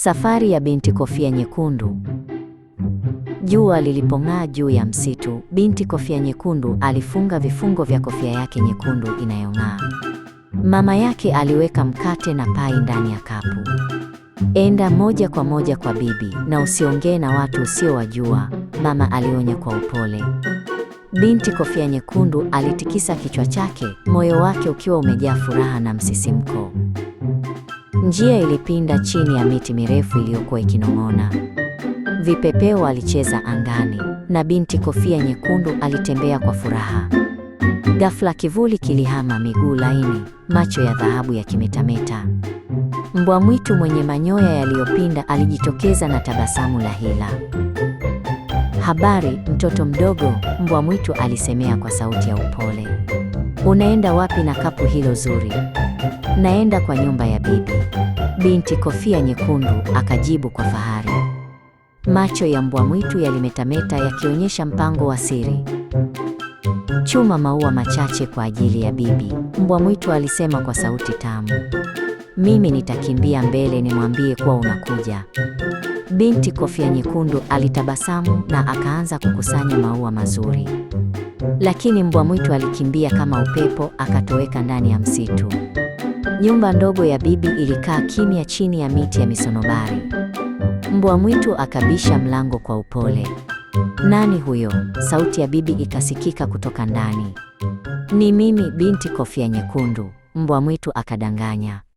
Safari ya binti kofia nyekundu. Jua lilipong'aa juu ya msitu, binti kofia nyekundu alifunga vifungo vya kofia yake nyekundu inayong'aa. Mama yake aliweka mkate na pai ndani ya kapu. Enda moja kwa moja kwa bibi na usiongee na watu usiowajua, mama alionya kwa upole. Binti kofia nyekundu alitikisa kichwa chake, moyo wake ukiwa umejaa furaha na msisimko. Njia ilipinda chini ya miti mirefu iliyokuwa ikinong'ona. Vipepeo walicheza angani na binti kofia nyekundu alitembea kwa furaha. Ghafla kivuli kilihama, miguu laini, macho ya dhahabu yakimetameta. Mbwa mwitu mwenye manyoya yaliyopinda alijitokeza na tabasamu la hila. Habari, mtoto mdogo, mbwa mwitu alisemea kwa sauti ya upole. Unaenda wapi na kapu hilo zuri? naenda kwa nyumba ya bibi. Binti kofia nyekundu akajibu kwa fahari. Macho ya mbwa mwitu yalimetameta yakionyesha mpango wa siri. Chuma maua machache kwa ajili ya bibi, mbwa mwitu alisema kwa sauti tamu. Mimi nitakimbia mbele nimwambie kuwa unakuja. Binti kofia nyekundu alitabasamu na akaanza kukusanya maua mazuri, lakini mbwa mwitu alikimbia kama upepo, akatoweka ndani ya msitu. Nyumba ndogo ya bibi ilikaa kimya chini ya miti ya misonobari. Mbwa mwitu akabisha mlango kwa upole. Nani huyo? Sauti ya bibi ikasikika kutoka ndani. Ni mimi, binti kofia nyekundu, mbwa mwitu akadanganya.